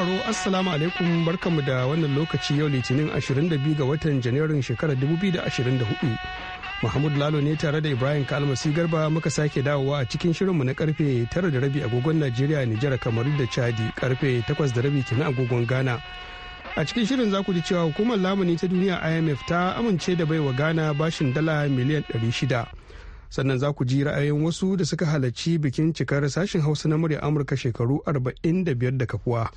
sauraro Assalamu alaikum barkamu da wannan lokaci yau Litinin 22 ga watan Janairun shekarar 2024. Muhammad Lalo ne tare da Ibrahim Kalmasi Garba muka sake dawowa a cikin shirinmu na karfe 9 da rabi agogon Najeriya, Nijar, Kamaru da Chadi, karfe 8 rabi kenan agogon Ghana. A cikin shirin za ku ji cewa hukumar lamuni ta duniya IMF ta amince da baiwa Ghana bashin dala miliyan 600. Sannan za ku ji ra'ayin wasu da suka halarci bikin cikar sashen Hausa na murya Amurka shekaru 45 da kafuwa.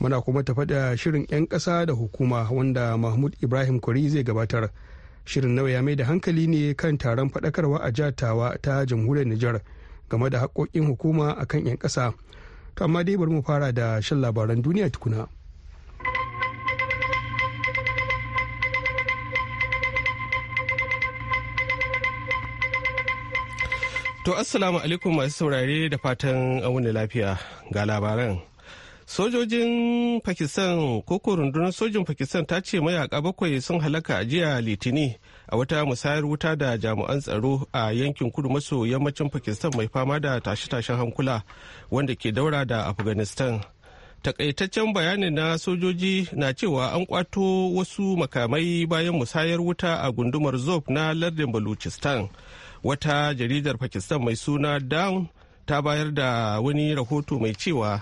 muna kuma tafa da shirin 'yan ƙasa da hukuma wanda mahmud ibrahim kwari zai gabatar shirin nawa ya mai da hankali ne kan taron faɗakarwa a jatawa ta jamhuriyar nijar game da haƙoƙin hukuma a kan 'yan ƙasa to amma dai bari mu fara da shan labaran duniya tukuna to assalamu alaikum masu saurare da fatan wani lafiya ga labaran sojojin pakistan koko rundunar sojin pakistan ta ce mayaka bakwai sun halaka a jiya litini a wata musayar wuta da jami'an tsaro a yankin kudu maso yammacin pakistan mai fama da tashe-tashen hankula wanda ke daura da afghanistan takaitaccen bayani na sojoji na cewa an kwato wasu makamai bayan musayar wuta a gundumar zob na lardin baluchistan wata jaridar pakistan mai suna down ta bayar da wani rahoto mai cewa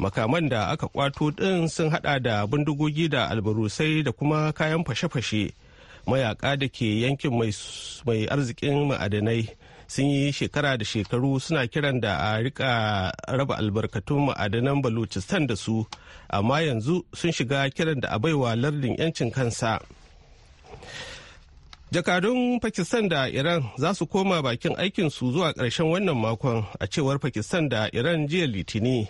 makaman da aka kwato din sun hada da bindigogi da albarusai da kuma kayan fashe-fashe mayaka da ke yankin mai arzikin ma'adanai sun yi shekara da shekaru suna kiran da a rika raba albarkatun ma'adanan balochistan da su amma yanzu sun shiga kiran da a baiwa lardin 'yancin kansa jakadun pakistan da iran za su koma bakin aikinsu zuwa ƙarshen wannan makon a cewar pakistan da iran jiya litini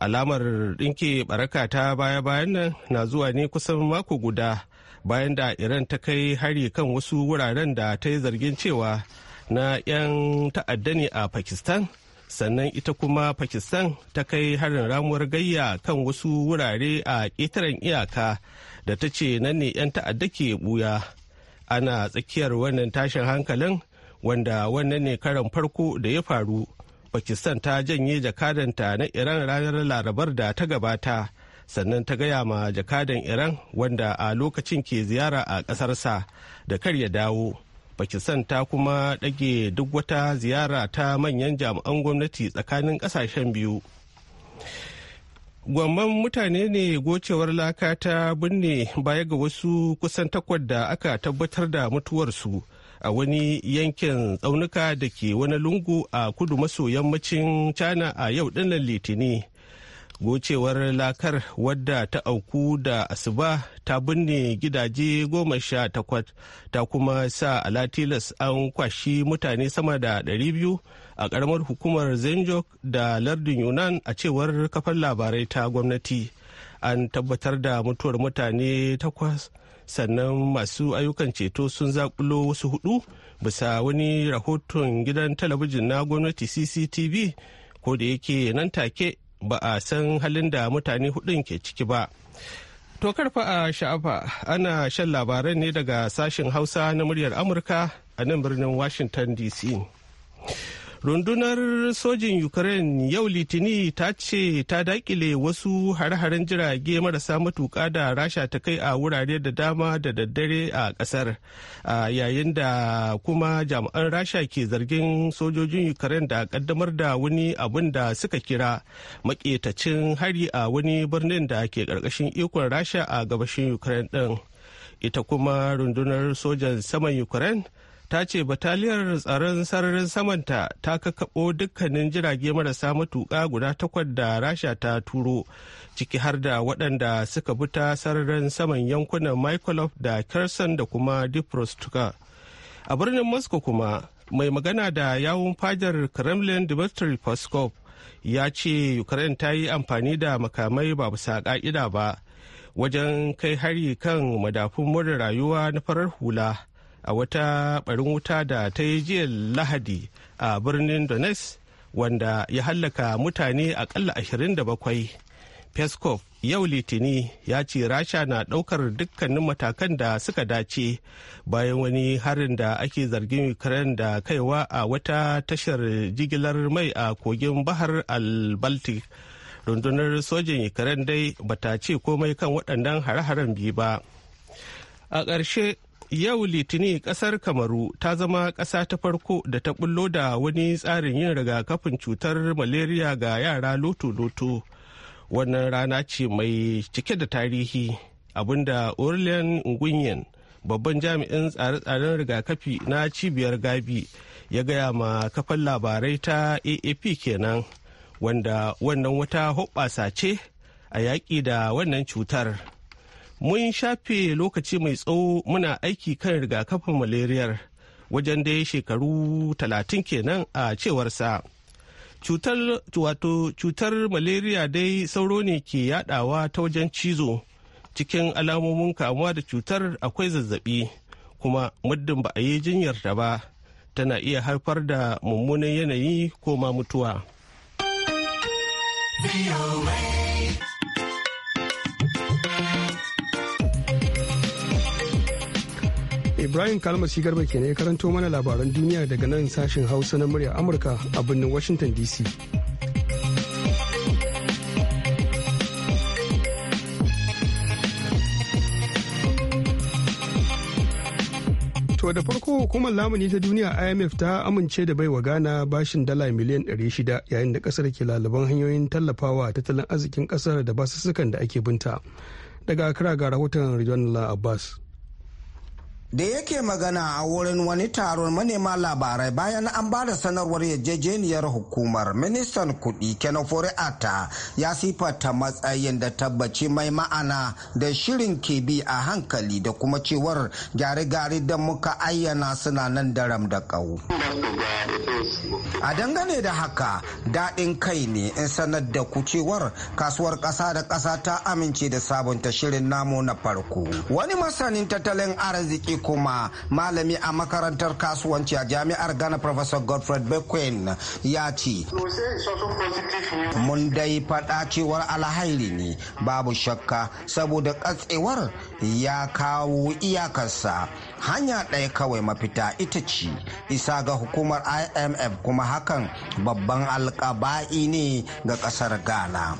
alamar ɗinke baraka ta baya-bayan nan na zuwa ne kusan mako guda bayan da iran ta kai hari kan wasu wuraren da ta yi zargin cewa na 'yan ta'adda ne a pakistan sannan ita kuma pakistan ta kai harin ramuwar gayya kan wasu wurare a ƙetaren iyaka da ta ce nan ne 'yan ta'adda ke buya ana tsakiyar wannan tashin hankalin wanda wannan ne karan farko da ya faru pakistan ta janye jakadanta na iran ranar larabar da ta gabata sannan ta gaya ma jakadan iran wanda a lokacin ke ziyara a ƙasarsa da kar ya dawo pakistan ta kuma ɗage duk wata ziyara ta manyan jami'an gwamnati tsakanin ƙasashen biyu gwamman mutane ne gocewar laka ta binne baya ga wasu kusan takwas da aka tabbatar da mutuwarsu a wani yankin tsaunuka da ke wani lungu a kudu maso yammacin china a yau dinnan litini gocewar lakar wadda ta auku da asuba ta binne gidaje goma sha takwas ta kuma sa alatilas an kwashi mutane sama da 200 a karamar hukumar zenjok da lardin yunan a cewar kafar labarai ta gwamnati an tabbatar da mutuwar mutane takwas sannan masu ayyukan ceto sun zaƙulo wasu hudu bisa wani rahoton gidan talabijin na gwamnati cctv ko da yake nan take ba a san halin da mutane hudun ke ciki ba to karfa a sha'afa ana shan labaran ne daga sashen hausa na muryar amurka a nan birnin washington dc rundunar sojin ukraine yau litini ta ce ta dakile wasu har haren jirage marasa matuka da rasha ta kai a wurare da dama da daddare a kasar yayin da kuma jami'an rasha ke zargin sojojin ukraine da kaddamar da wani abun da suka kira maketacin hari a wani birnin da ke karkashin ikon rasha a gabashin ukraine din ita kuma rundunar sojan saman ukraine ta ce bataliyar tsaron sararin samanta ta kakaɓo dukkanin jirage marasa matuƙa guda takwas da rasha ta turo ciki har da waɗanda suka bi ta sararin saman yankunan mykolov da kerson da kuma diprostuka a birnin moscow kuma mai magana da yawun fadar kremlin dmitry peskov ya ce ukraine ta yi amfani da makamai ba bisa ka'ida ba wajen kai hari kan madafun murin rayuwa na farar hula a wata barin wuta da ta yi jiya lahadi a birnin donetsk wanda ya hallaka mutane akalla 27 peskov yau litini ya ce rasha na daukar dukkanin matakan da suka dace bayan wani harin da ake zargin ukraine da kaiwa a wata tashar jigilar mai a kogin bahar al-baltic rundunar sojin ukraine dai bata ce komai kan waɗannan hare-haren biyu ba a ƙarshe Yau Litinin kasar Kamaru ta zama ƙasa ta farko da ta bullo da wani tsarin yin rigakafin cutar malaria ga yara loto-loto. Wannan rana ce mai cike da tarihi abinda Orlean Nguyen babban jami'in tsare-tsaren rigakafi na cibiyar Gabi ya gaya ma kafan labarai ta AAP kenan wanda wannan wata hoɓɓasa ce a yaƙi da wannan cutar. Mun shafe lokaci mai tsawo muna aiki kan rigakafin malariyar wajen dai shekaru talatin kenan a cewarsa. Cutar wato cutar malaria dai sauro ne ke yadawa ta wajen cizo cikin alamomin kamuwa da cutar akwai zazzabi kuma muddin ba a yi jinyar da ba tana iya haifar da mummunan yanayi ko ma mutuwa. Ibrahim shi Garba ke ne karanto mana labaran duniya daga nan sashen Hausa na murya Amurka a birnin Washington DC. To da farko hukumar lamuni ta duniya IMF ta amince da baiwa Ghana bashin dala miliyan 600 yayin da kasar ke lalaban hanyoyin tallafawa tattalin arzikin kasar da basussukan da ake binta. Daga kira ga rahoton Ridwan Abbas. da yake magana a wurin wani taron manema labarai bayan an ba da sanarwar yajejeniyar hukumar ministan kudi kenofori ata ya sifata matsayin da tabbaci mai ma'ana da shirin kebi a hankali da kuma cewar gyare-gyare da muka ayyana suna nan daram da kau a dangane da haka daɗin kai ne in sanar da ku cewar kasuwar ƙasa da ƙasa ta amince da sabunta shirin namu na farko wani masanin tattalin arziki kuma malami a makarantar kasuwanci a jami'ar Ghana Professor Godfred Bequin ya ce. Mun dai faɗa cewar alhairi ne babu shakka saboda katsewar ya kawo iyakarsa hanya ɗaya kawai mafita ita ce isa ga hukumar imf kuma hakan babban alkaba'i ne ga ƙasar ghana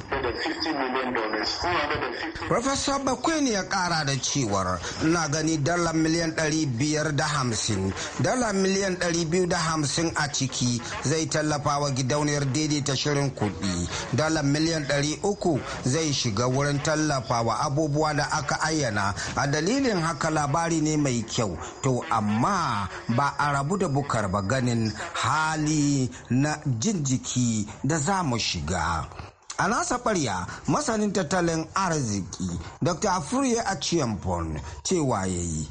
Profesa Bakwen ya ƙara da cewar na gani dala miliyan 550 dala miliyan 250 a ciki zai tallafa wa gidauniyar daidaita shirin kuɗi dala miliyan 300 zai shiga wurin tallafa wa abubuwa da aka ayyana a dalilin haka labari ne mai kyau kyau to amma ba a rabu da bukar ba ganin hali na jin jiki da za mu shiga A nasa ɓarya masanin tattalin arziki Dr. a Achiyampon cewa ya yi.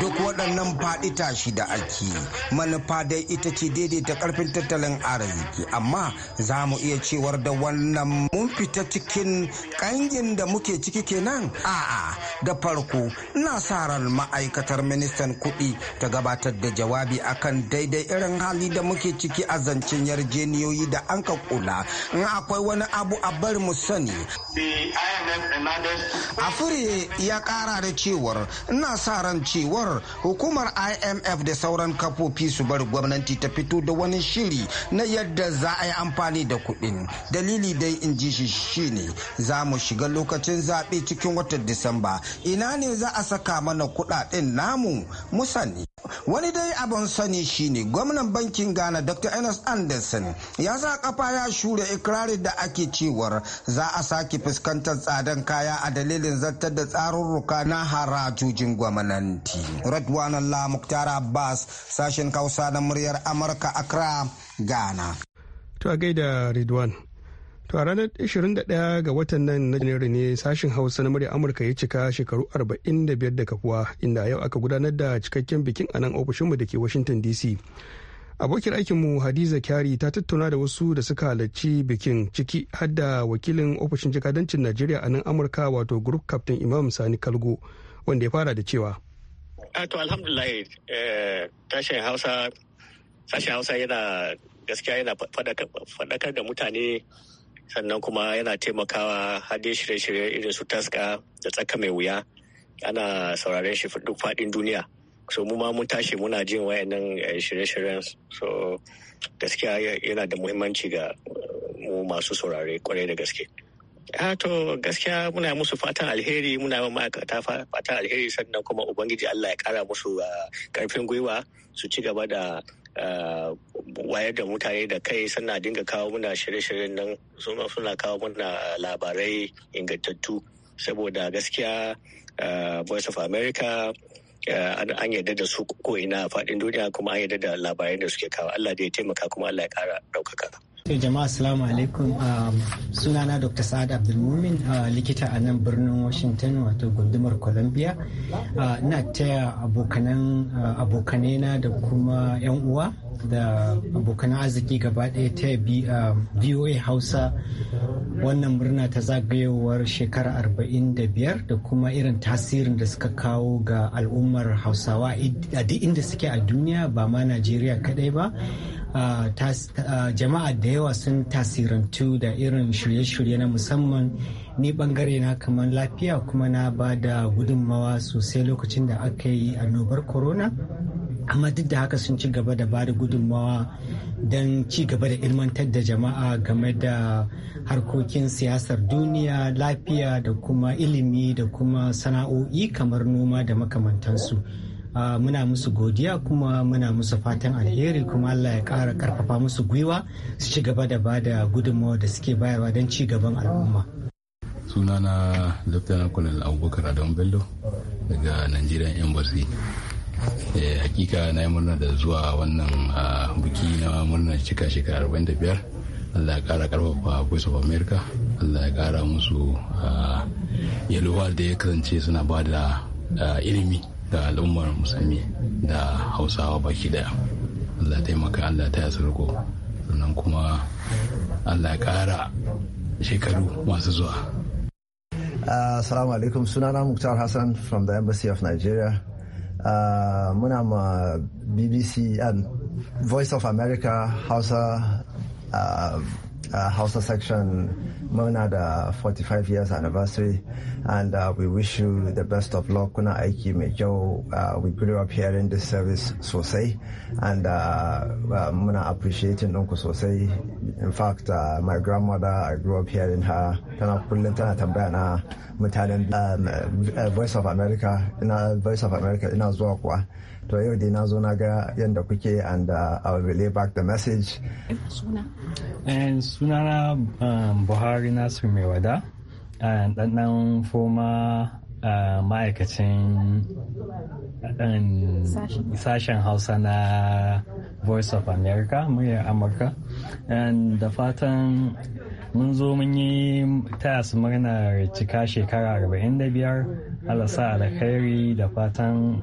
Duk waɗannan faɗi tashi da ake manufa dai ita ce daidaita ƙarfin tattalin arziki amma za mu iya cewar da wannan mun fita cikin ƙangin da muke ciki kenan a'a da farko na sa ran ma'aikatar ministan kuɗi ta gabatar da jawabi akan daidai irin hali da muke ciki a zancen yarjeniyoyi da an ka kula in akwai wani abu a bar mu sani afure ya kara da cewar ina sa ran cewar hukumar imf da sauran kafofi su bari gwamnati ta fito da wani shiri na yadda za a yi amfani da kuɗi dalili dai in ji shi shine za mu shiga lokacin zaɓe cikin watan disamba ina ne za a saka mana kuɗaɗen namu mu sani wani dai abin sani shine gwamnan bankin ghana dr ernest anderson ya sa kafa ya shura ikirarin da ake cewar za a sake fuskantar tsadan kaya a dalilin zartar da tsarurruka na harajojin gwamnati. Radwan Allah Muktar Abbas sashen Hausa na muryar Amurka Accra, Ghana. To a gaida Ridwan. To a ranar 21 ga watan nan na Janairu ne sashen Hausa na murya Amurka ya cika shekaru 45 da kafuwa inda yau aka gudanar da cikakken bikin a nan ofishinmu da ke Washington DC. abokin aikinmu hadiza kyari ta tattauna da wasu da suka halarci bikin ciki har da wakilin ofishin jakadancin najeriya a nan amurka wato group captain imam sani kalgo wanda ya fara da cewa to alhamdulillah tashin eh, hausa sashen hausa yana gaskiya yana faɗakar da mutane sannan kuma yana taimakawa hade shirye-shirye irin su taska da tsaka mai wuya ana sauraren shi duk faɗin duniya so mu ma mun tashi muna jin wayannan eh, shirye-shiryen so gaskiya yana da muhimmanci ga eh, mu masu saurare kwarai da gaske a ah, to gaskiya muna musu fatan alheri muna yi ma'aikata fatan alheri sannan kuma ubangiji allah ya kara musu karfin ah, gwiwa su ci gaba da ah, wayar da mutane da kai sannan dinga kawo muna shirye-shiryen nan suna kawo muna labarai ingantattu saboda gaskiya voice of america Eh, an yarda da su ko ina a faɗin duniya kuma an yarda da labarai da suke kawo Allah da ya taimaka kuma Allah ya ƙara ɗaukaka. To jama'a assalamu alaikum um, sunana Dr. Sa'ad Abdulmumin uh, likita a nan birnin Washington wato gundumar Columbia. Uh, ina taya abokanan uh, abokanena da kuma 'yan uwa da abokanan arziki gaba ɗaya ta um, VOA Hausa wannan murna ta zagayowar shekara 45 da kuma irin tasirin da suka kawo ga al'ummar Hausawa a duk inda suke a duniya ba ma Najeriya kadai ba. Uh, uh, jama'a da yawa sun tasirantu da irin shirye-shirye na musamman ni bangare na kamar lafiya kuma na ba da gudunmawa sosai lokacin da aka yi annobar corona amma duk da haka sun ci gaba da ba da gudunmawa don ci gaba da ilmantar da jama'a game da harkokin siyasar duniya lafiya da kuma ilimi da kuma sana'o'i kamar noma da makamantansu. Ah, muna musu godiya kuma muna musu fatan alheri kuma Allah ya ƙara karfafa musu gwiwa su ci gaba da bada gudunmawa da suke bayarwa don ci gaban al'umma. sunana lieutenant colonel abubakar adam bello daga nigerian embassy eh, hakika na yi murna da zuwa wannan ah, buki na murnar cika shekara 45 allah ya kara karfafa voice of america allah ya kara musu ah, yalwa da ya kasance suna ba da ilimi da al'ummar musulmi da hausawa baki daya allah taimaka allah ta sarko sannan kuma allah ya kara shekaru masu zuwa assalamu alaikum sunana muktar hassan from the embassy of nigeria uh, muna ma bbc um, voice of america hausa uh, uh, Hausa section muna da 45 years anniversary and uh, we wish you the best of luck kuna aiki mai kyau uh, we grew up here in this service sosai and uh, uh, muna appreciating ɗinku sosai in fact uh, my grandmother I grew up here in her tana kullum tana tambaya na mutanen um, uh, Voice of America ina zuwa kuwa to yau dai na zo na ga yadda kuke and uh, I will relay back the message. Suna? Suna na um, Buhari Nasir Mewada, ɗanɗan foma uh, ma'aikacin um, sashen Hausa na Voice of America, muryar Amurka. Da fatan mun zo mun yi taya su murnar cika shekara 45 alasa alkhairi da fatan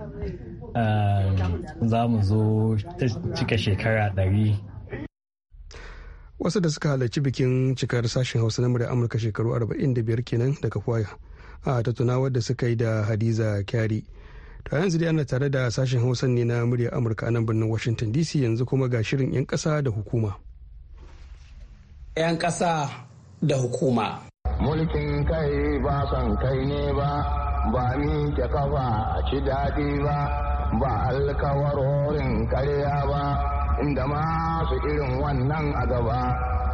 Ehm, za mu zo cika shekara ɗari. Wasu da suka halarci bikin cikar sashen Hausa na murya Amurka shekaru 45 kenan daga kwaya a tuna da suka yi da Hadiza Kyari. To yanzu dai ana tare da sashen Hausa ne na murya Amurka a nan birnin Washington DC yanzu kuma ga shirin 'yan ƙasa da hukuma. 'Yan ƙasa da hukuma. Mulkin kai ba son kai ne ba, ba ni ke kafa a ci daɗi ba. ba alkawarorin karya ba inda masu irin wannan a gaba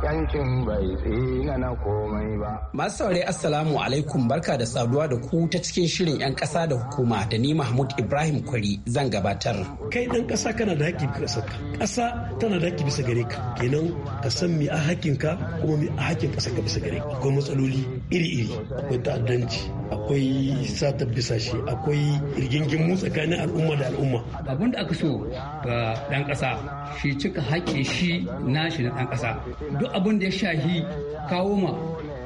yancin bai tsina na komai ba. Masu saurari Assalamu alaikum barka da saduwa da ku ta cikin shirin 'yan ƙasa da hukuma da ni Mahmud Ibrahim Kwari zan gabatar. Kai ɗan ƙasa kana da haƙƙi bisa ka. Ƙasa tana da haƙƙi bisa gare ka. Kenan ka san me a haƙƙin ka kuma me a haƙƙin ƙasa ka bisa gare ka. Akwai matsaloli iri-iri, akwai ta'addanci, akwai satar bisashe akwai rigingimu tsakanin al'umma da al'umma abin da aka so ga dan ƙasa shi cika haƙƙin shi na shi na dan ƙasa duk abin da ya shahi kawo ma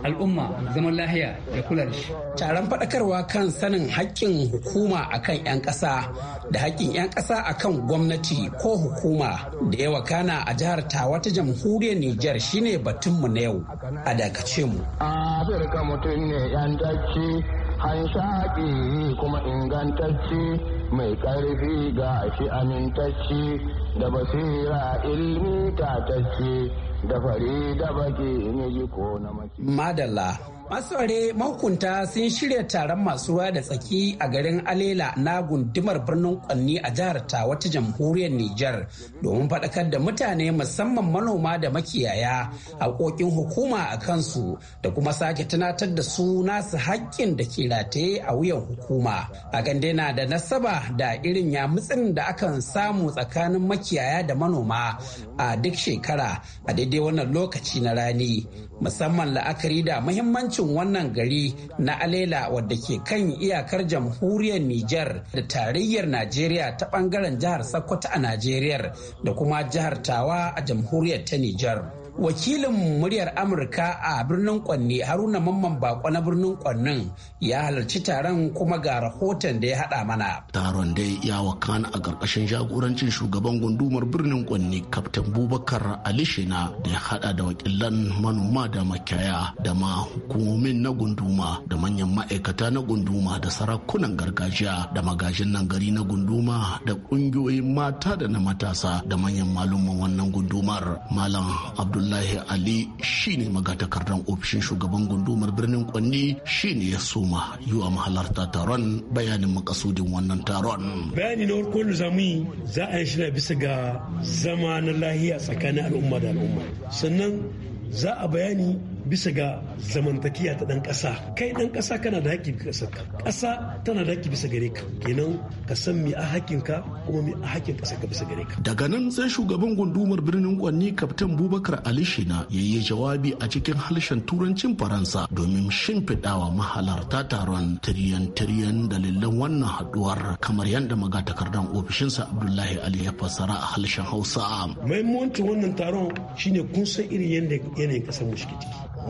al'umma zaman lahiya da kula da shi. Taron faɗakarwa kan sanin haƙƙin hukuma akan 'yan ƙasa da haƙƙin 'yan ƙasa akan gwamnati ko hukuma da yawa kana a jihar Tawa ta jamhuriyar Nijar shine batunmu na yau a dakace mu. Afirka mutum ne 'yan hanshaƙi kuma ingantacci mai ƙarfi ga shi amintacci da basira ilmi tatacce da fari da baki ne ko na maki. Madalla Masare mahukunta sun shirya taron masu ruwa da tsaki a garin Alela na gundumar birnin Kwanni a jihar ta wata jamhuriyar Nijar domin faɗakar da mutane musamman manoma da makiyaya haƙoƙin hukuma a kansu da kuma sake tunatar da su nasu haƙƙin da ke rataye a wuyan hukuma. a dai na da nasaba da irin yamutsin da akan samu tsakanin makiyaya da manoma a duk shekara a daidai wannan lokaci na rani musamman la'akari da muhimmancin muhimmancin wannan gari na Alela wadda ke kan iyakar jamhuriyar Nijar da tarayyar Najeriya ta bangaren jihar Sokoto a Najeriyar da kuma jihar Tawa a jamhuriyar ta Nijar. wakilin muryar amurka a birnin kwanne haruna mamman bako na birnin kwannin ya halarci taron kuma ga rahoton da ya hada mana taron dai ya wakana a ƙarƙashin jagorancin shugaban gundumar birnin kwanne kaftan bubakar alishina da ya hada da wakilan manoma da makiyaya da ma hukumomin na gunduma da manyan ma'aikata na gunduma da sarakunan gargajiya da magajin nan gari na gunduma da ƙungiyoyin mata da na matasa da manyan malumman wannan gundumar malam abdul abdullahi ali shine magatakardan ofishin shugaban gundumar birnin kwanni shine ya soma yi wa mahalarta taron bayanin makasudin wannan taron bayani na farko da zamu yi za a yi shi bisa ga zama na lahiya tsakanin al'umma da al'umma sannan za a bayani bisa ga zamantakiya ta ɗan ƙasa kai ɗan ƙasa kana da haƙƙi bisa ka ƙasa tana da haƙƙi bisa gare ka kenan ka san me a ka kuma me a haƙƙin ka bisa gare ka daga nan sai shugaban gundumar birnin Kwanni kaftan Bubakar Ali Shina ya yi jawabi a cikin harshen turancin Faransa domin shimfiɗawa mahalarta taron tiriyan tiryan dalilan wannan haɗuwar kamar yadda magatakardan ofishinsa Abdullahi Ali ya fassara a harshen Hausa muhimmancin wannan taron shine kun san irin yadda yanayin kasar mu ciki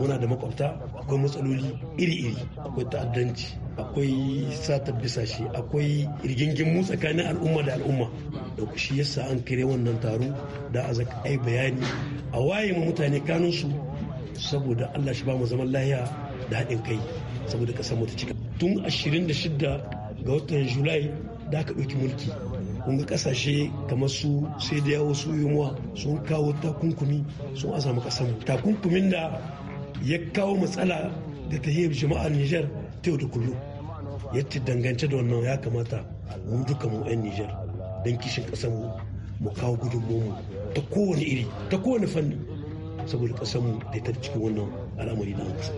muna da makwabta akwai matsaloli iri-iri akwai ta'addanci akwai satar bisashe akwai rigingin mu tsakanin al'umma da al'umma da ku shi yasa an kire wannan taro da a zaka ai bayani a waye mu mutane kanun su saboda Allah shi ba mu zaman lahiya da haɗin kai saboda kasar mu ta cika tun 26 ga watan Julai da aka ɗauki mulki kun ga kasashe kamar su sai da yawo su yunwa sun kawo takunkumi sun azamu kasanmu takunkumin da ya kawo matsala da ta jama'ar niger ta yau da kullum yadda dangance da wannan ya kamata mu duka mu 'yan niger don kishin kasanmu mu kawo gudunmu ta kowane iri ta kowane fanni saboda kasanmu da ta cikin wannan al'amari na kusa.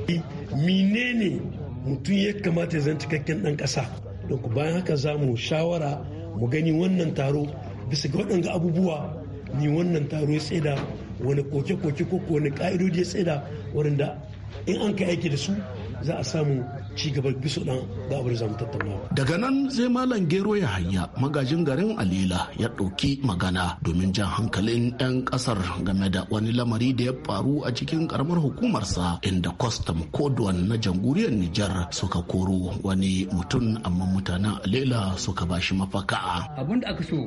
menene mutum ya kamata ya zan cikakken dan kasa don bayan haka za mu shawara mu gani wannan taro bisa ga waɗanga abubuwa ni wannan taro ya tsaida wani koke-koke ko wani ka'idodi ya tsaida waɗanda in an ka aiki da su za a samu ci gaba bisu dan babu da zamu daga nan sai malam gero ya hanya magajin garin alila ya ɗauki magana domin jan hankalin 'yan ƙasar game da wani lamari da ya faru a cikin karamar hukumarsa inda kwastam kodwan na jamhuriyar nijar suka koro wani mutum amma mutanen alila suka ba shi mafaka abin da aka so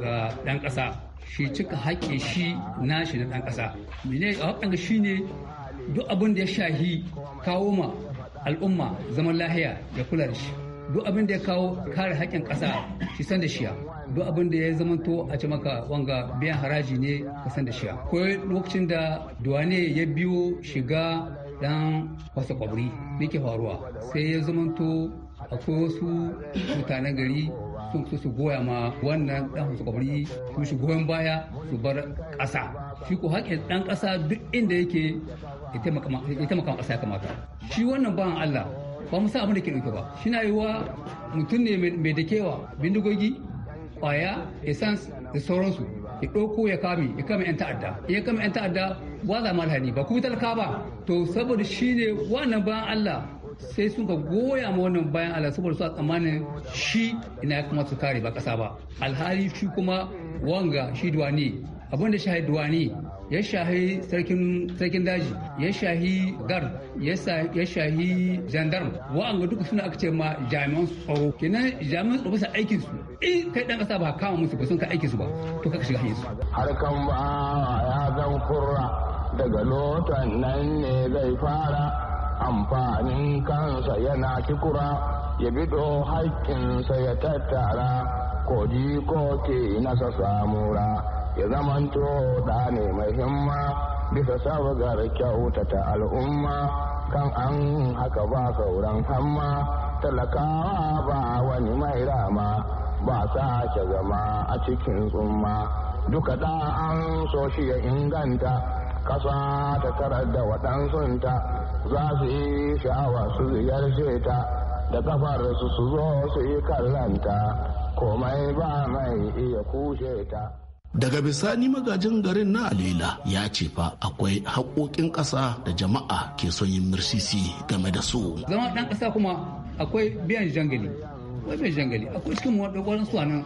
ga ɗan ƙasa shi cika haƙƙin shi nashi na ɗan ƙasa mene a haƙƙin shi ne duk abin da ya shahi kawo ma al'umma zaman lahiya ya kula da shi duk abin da ya kawo kare haƙƙin ƙasa shi san da shiya duk abin da ya zamanto a ci maka wanga biyan haraji ne ka san da shiya ko lokacin da duwane ya biyo shiga dan wasu kwabri ne ke faruwa sai ya zamanto akwai wasu mutanen gari sun so su goya ma wannan dan wasu kwabri su shi goyon baya su bar ƙasa shi ko haƙƙin ɗan ƙasa duk inda yake ya taimaka ƙasa ya kamata shi wannan bawan Allah ba mu san abin da ke ɗauke ba shi na yiwa mutum ne mai da kewa bindigogi ƙwaya essence da sauransu ya ɗauko ya kame ya kame 'yan ta'adda ya kame 'yan ta'adda ba za ma alhani ba kuma talaka ba to saboda shi ne wannan bayan Allah sai sun ka goya ma wannan bayan Allah saboda su a tsammanin shi ina ya kamata su kare ba ƙasa ba alhali shi kuma wanga shi duwani abin da shi duwani ya shahi sarkin daji ya shahi gar ya shahi gendarme wa'anga duka suna aka ce ma jami'an tsaro kenan jami'an tsaro sa aikin su in kai dan kasa ba kama musu ba sun ka aikin su ba to kaka shiga hanyar su kan ba ya zan kurra daga lotan nan ne zai fara amfanin kansa yana kikura ya bido haƙƙinsa ya tattara ko ke nasa samura ya zamanto da ne mai himma bisa sabgar kyautata al'umma kan an haka ba sauran hamma talakawa ba wani mai rama ba sa sake zama a cikin tsumma duka da an so shi ya inganta kasa ta tarar da waɗansunta za su yi sha'awa su ziyarce ta da kafar su su zo su yi kallanta komai ba mai iya kushe ta daga bisani magajin garin na alela ya ce fa akwai haƙoƙin ƙasa da jama'a ke son yin mirsisi game da su zama ɗan ƙasa kuma akwai biyan jangali akwai biyan jangali akwai cikin wadannan su nan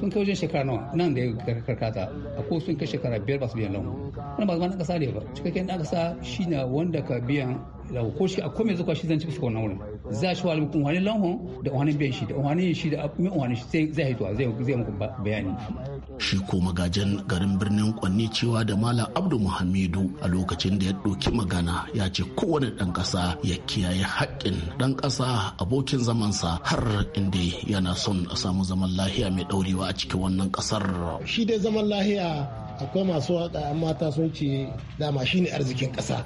sun kai wajen shekara nawa nan da ya karkata akwai sun kai shekara biyar ba su biyan lamu wani ba zama ɗan ƙasa ne ba cikakken ɗan ƙasa shi na wanda ka biyan lahu ko shi akwai mai zuwa shi zan ci fuska wannan wurin za shi wa alibukun wani lahon da wani biyan shi da wani shi da wani shi zai haituwa zai muku bayani shi ko magajin garin birnin Kwanne, cewa da malam abdu muhammadu a lokacin da ya ɗauki magana ya ce kowane ɗan ƙasa ya kiyaye haƙƙin ɗan ƙasa abokin zamansa har inda yana son a samu zaman lahiya mai ɗaurewa a cikin wannan ƙasar. shi dai zaman lahiya akwai masu waƙa mata sun ce dama shine arzikin ƙasa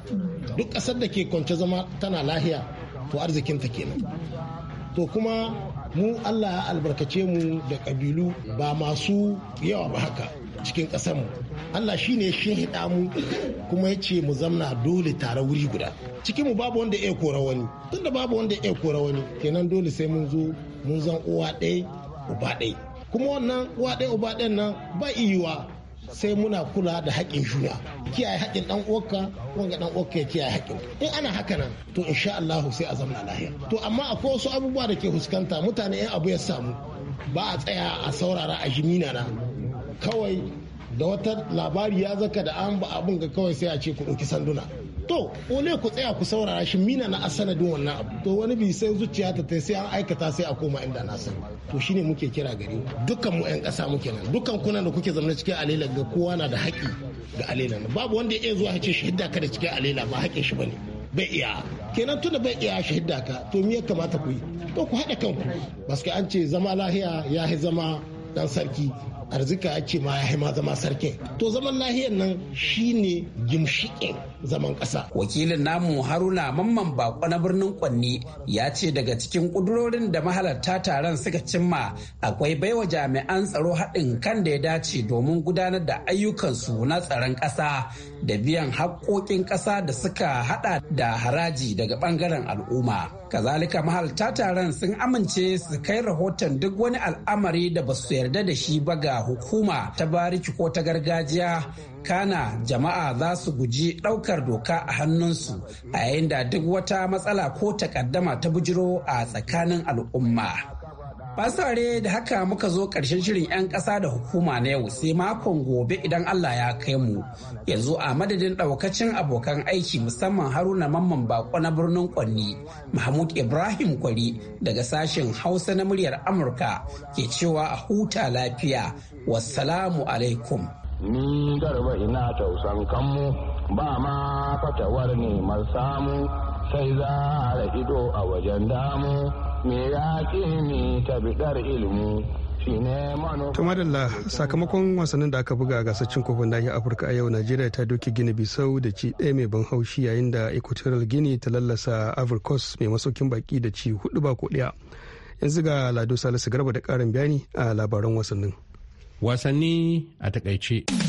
duk ƙasar da ke kwance zama tana lahiya to arzikinta kenan to kuma mu allah ya albarkace mu da ƙabilu ba masu yawa ba haka cikin mu allah shi ne shi mu kuma ya ce mu zamna dole tare wuri guda cikinmu babu wanda ya kora wani tunda babu wanda ya kora wani kenan dole sai mun zo mun zan uwa ɗaya uba ɗaya kuma wannan uwa ɗaya uba nan ba iyuwa sai muna kula da haƙin juna kiyaye haƙƙin dan uwarka wanga dan uwarka ya kiyaye haƙin in ana haka nan to insha Allah sai a zama lahiya to amma akwai wasu abubuwa da ke fuskanta mutane in abu ya samu ba a tsaya a saurara a jimina na kawai da wata labari ya zaka da an ba abun ga kawai sai a ce ku ɗauki sanduna to ole ku tsaya ku saurara shi mina na asanadin wannan abu to wani bi sai zuciya ta tai sai an aikata sai a koma inda na san to shine muke kira gari dukkan mu yan kasa muke nan dukkan kuna da kuke zama cikin alela ga kowa na da haƙi ga alela babu wanda ya iya zuwa ce shahidda ka da cikin alela ba haƙin shi bane bai iya kenan tunda bai iya shahidda ka to me ya kamata ku yi to ku haɗa kanku baske an ce zama lahiya ya zama dan sarki arzika ya ce ma ya ma zama sarki. to zaman lahiyan nan shine gimshiƙin zaman ƙasa. Wakilin namu Haruna Mamman Bako na birnin Kwanni ya ce daga cikin kudurorin da mahalarta taron suka cimma akwai baiwa jami'an tsaro haɗin kan da ya dace domin gudanar da ayyukansu na tsaron ƙasa da biyan haƙƙoƙin ƙasa da suka haɗa da haraji daga ɓangaren al'umma. Kazalika mahalarta taron sun amince su kai rahoton duk wani al'amari da ba su yarda da shi ba ga hukuma ta bariki ko ta gargajiya kana jama'a za su guji ɗaukar doka a hannunsu a yayin da duk wata matsala ko takaddama ta bujiro a tsakanin al'umma. Basare da haka muka zo ƙarshen shirin 'yan ƙasa da hukuma na yau sai makon gobe idan Allah ya kai mu. Yanzu a madadin ɗaukacin abokan aiki musamman Haruna Mamman Bako na birnin Kwanni, Mahmud Ibrahim Kwari daga sashen Hausa na muryar Amurka ke cewa a huta lafiya. Wassalamu alaikum. ni garba ina tausan kanmu ba ma fatawar neman samu sai za da ido a wajen damu me ya ce ni tabidar ilmu ta madalla sakamakon wasannin da aka buga a gasar cin kofin nahiyar afirka a yau najeriya ta doke gini bisau da ci ɗaya mai ban haushi yayin da equatorial guinea ta lallasa coast mai masaukin baki da ci hudu ba ko ɗaya yanzu ga lado salisu garba da karin bayani a labaran wasannin wasanni a takaice.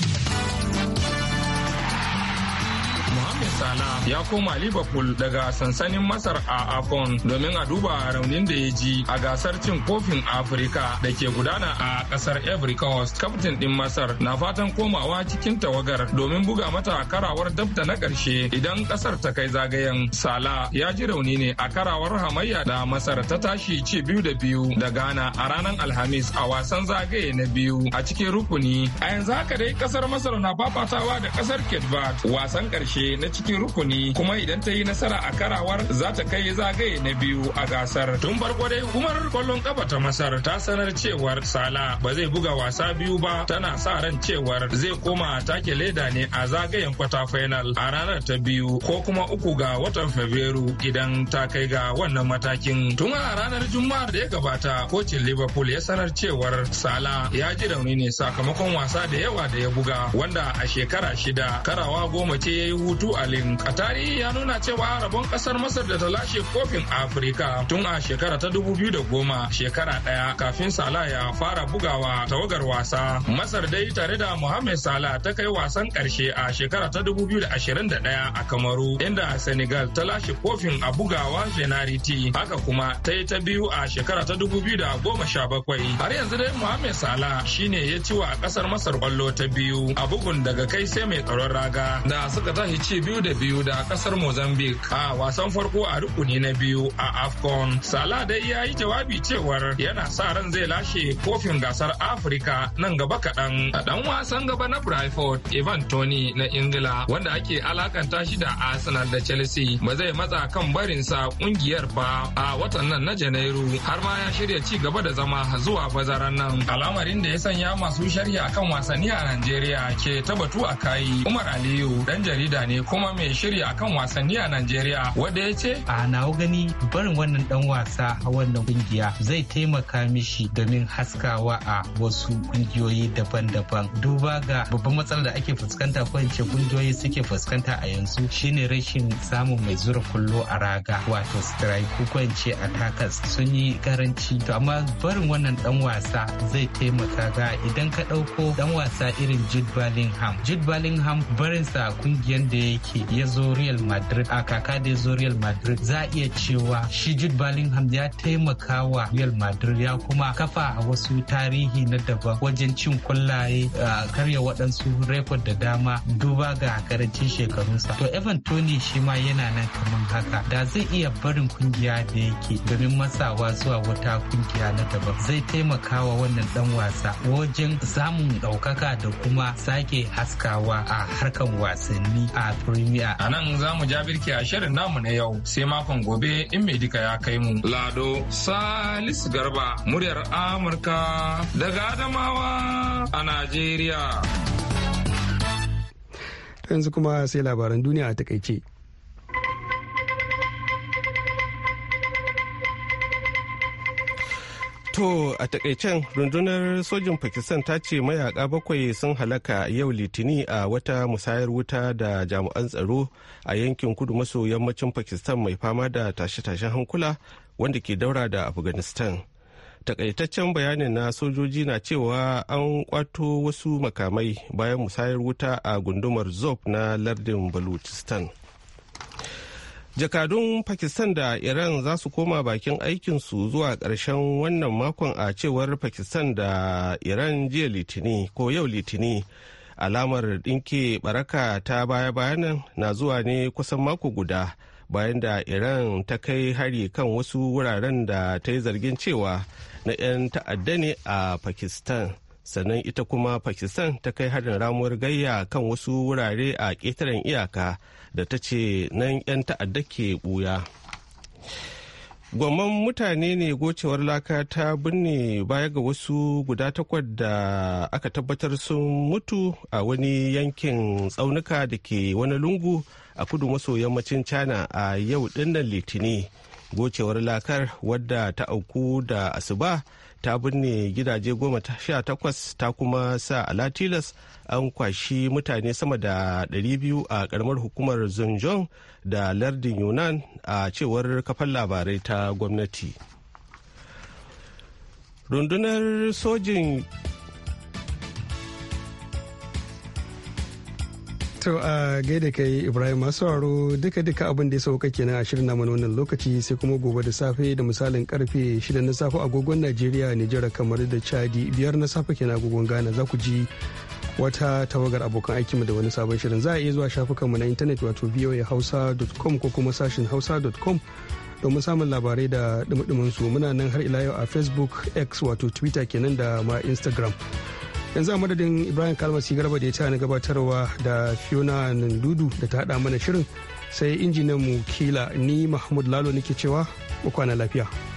ya koma liverpool daga sansanin masar a afon domin a duba raunin da ya ji a gasar cin kofin afirka da ke gudana a kasar ivory coast kaftin din masar na fatan komawa cikin tawagar domin buga mata karawar dabta na karshe idan kasar ta kai zagayen sala ya ji rauni ne a karawar hamayya da masar ta tashi ce biyu da biyu da ghana a ranar alhamis a wasan zagaye na biyu a cikin rukuni a yanzu haka dai kasar masar na fafatawa da kasar ketbat wasan karshe na cikin rukuni kuma idan ta yi nasara a karawar za ta kai zagaye na biyu a gasar tun farko dai hukumar kwallon kafa ta masar ta sanar cewar sala ba zai buga wasa biyu ba tana sa ran cewar zai koma take leda ne a zagayen kwata final a ranar ta biyu ko kuma uku ga watan fabrairu idan ta kai ga wannan matakin tun a ranar juma'ar da ya gabata kocin liverpool ya sanar cewar sala ya ji rauni ne sakamakon wasa da yawa da ya buga wanda a shekara shida karawa goma ce ya yi hutu a link a Tarihi ya nuna cewa rabon kasar Masar da ta lashe kofin Afirka tun a shekara ta da goma shekara ɗaya kafin Salah ya fara bugawa tawagar wasa. Masar dai tare da Mohamed Salah ta kai wasan karshe a shekara ta 2021 a Kamaru inda Senegal ta lashe kofin a bugawa Zenariti haka kuma ta yi ta biyu a shekara ta bakwai Har yanzu dai Mohamed Salah shine ya ci wa ƙasar Masar kwallo ta biyu a bugun daga kai sai mai tsaron raga da suka tashi ci biyu da biyu da a kasar Mozambique a wasan farko a rukuni na biyu a AFCON. Salah dai ya yi jawabi cewar yana sa ran zai lashe kofin gasar Afirka nan gaba kaɗan. A ɗan wasan gaba na Brentford, Ivan Tony na Ingila wanda ake alakanta shi da Arsenal da Chelsea ba zai matsa kan barinsa ƙungiyar ba a watan nan na Janairu har ma ya shirya ci gaba da zama zuwa bazaran nan. Al'amarin da ya sanya masu sharhi akan wasanni a Najeriya ke ta a kayi Umar Aliyu dan jarida ne kuma mai shirya akan wasanni a Najeriya wanda ya ce a nawo gani barin wannan dan wasa a wannan kungiya zai taimaka mishi domin haskawa a wasu kungiyoyi daban-daban duba ga babban matsalar da ake fuskanta ko in ce kungiyoyi suke fuskanta a yanzu shine rashin samun mai zura kullo a raga wato strike ko in ce attackers sun yi karanci to amma barin wannan dan wasa zai taimaka ga idan ka dauko dan wasa irin Jude Bellingham Jude Bellingham barinsa kungiyar da yake ya zo Madrid a kaka da ya Madrid za a iya cewa shi Jude Bellingham ya taimaka wa Real Madrid ya kuma kafa a wasu tarihi na daban wajen cin kullaye a karya waɗansu rekod da dama duba ga karancin shekarunsa. To Evan Tony shi ma yana nan kamar haka da zai iya barin kungiya da yake domin masawa zuwa wata kungiya na daban zai taimaka wa wannan dan wasa wajen samun ɗaukaka da kuma sake haskawa a harkar wasanni a Premier. nan za mu ja birki a shirin namu na yau sai makon gobe in mai dika ya kai mu. Lado Salisu Garba muryar Amurka daga Adamawa a Najeriya. Yanzu kuma sai labaran duniya a takaice. To a takaicen rundunar sojin Pakistan ta ce mayaka bakwai sun halaka yau litini a wata musayar wuta da jami'an tsaro a yankin kudu maso yammacin Pakistan mai fama da tashe-tashen hankula wanda ke daura da Afghanistan. Takaitaccen bayanin na sojoji na cewa an kwato wasu makamai bayan musayar wuta a gundumar Zob na lardin Baluchistan. jakadun pakistan da iran za su koma bakin aikinsu zuwa karshen wannan makon a cewar pakistan da iran jiya litini ko yau litini alamar dinke baraka ta baya-bayanan na zuwa ne kusan mako guda bayan da iran ta kai hari kan wasu wuraren da ta yi zargin cewa na 'yan ta'adda ne a pakistan sannan ita kuma pakistan ta kai harin ramuwar gayya kan wasu wurare a ƙetaren iyaka da ta ce nan 'yan ta'adda ke ɓuya gwamman mutane ne gocewar laka ta binne baya ga wasu guda takwas da aka tabbatar sun mutu a wani yankin tsaunuka da ke wani lungu a kudu maso yammacin china a yau dinnan litini gocewar lakar wadda ta auku da asuba ta binne gidaje goma sha takwas ta kuma sa alatilas an kwashi mutane sama da 200 a karamar hukumar zonjon da lardin yunan a cewar kafan labarai ta gwamnati rundunar sojin To a gaida kai Ibrahim masu sauraro duka duka abin da ya sauka kenan a shirin namu wannan lokaci sai kuma gobe da safe da misalin karfe shida na safe agogon Najeriya Nijar kamar da Chadi biyar na safe kenan agogon Ghana za ku ji wata tawagar abokan aikinmu da wani sabon shirin za a iya zuwa shafukanmu na intanet wato voahausa.com ko kuma sashin hausa.com domin samun labarai da dumudumin su muna nan har ila yau a Facebook X wato Twitter kenan da ma Instagram. yanzu a madadin ibrahim kalmasi garba da ya ta na gabatarwa da fiona nundudu da ta haɗa mana shirin sai injinan mu kila ni mahmud lalo nake cewa kwana lafiya.